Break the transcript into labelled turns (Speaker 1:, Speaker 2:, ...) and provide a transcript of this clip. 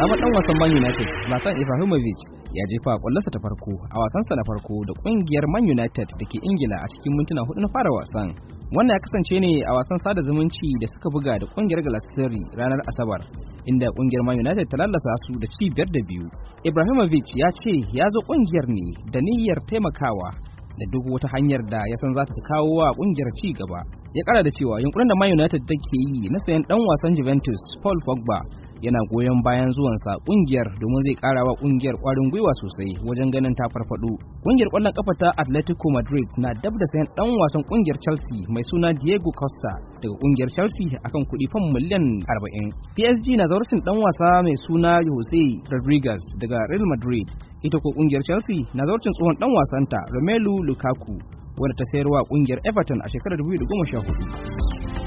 Speaker 1: Sabon dan wasan Man United, Zlatan Ibrahimovic, ya jefa kwallonsa ta farko a wasansa na farko da ƙungiyar Man United da ke Ingila a cikin mintuna hudu na fara wasan. Wannan ya kasance ne a wasan sada zumunci da suka buga da kungiyar Galatasaray ranar Asabar, inda ƙungiyar Man United ta lallasa su da ci biyar da biyu. Ibrahimovic ya ce ya zo ƙungiyar ne da niyyar taimakawa da duk wata hanyar da ya san za ta kawo wa ƙungiyar ci gaba. Ya kara da cewa yunkurin da Man United ke yi na sayan ɗan wasan Juventus Paul Pogba yana goyon bayan zuwansa kungiyar domin zai kara wa kungiyar kwarin gwiwa sosai wajen ganin ta farfado kungiyar kwallon kafa ta Atletico Madrid na dab da sayan dan wasan kungiyar Chelsea mai suna Diego Costa daga kungiyar Chelsea akan kuɗi fam miliyan 40 PSG na zaurcin dan wasa mai suna Jose Rodriguez daga Real Madrid ita ko kungiyar Chelsea na zaurcin tsohon dan wasanta Romelu Lukaku wadda ta sayarwa kungiyar Everton a shekarar 2014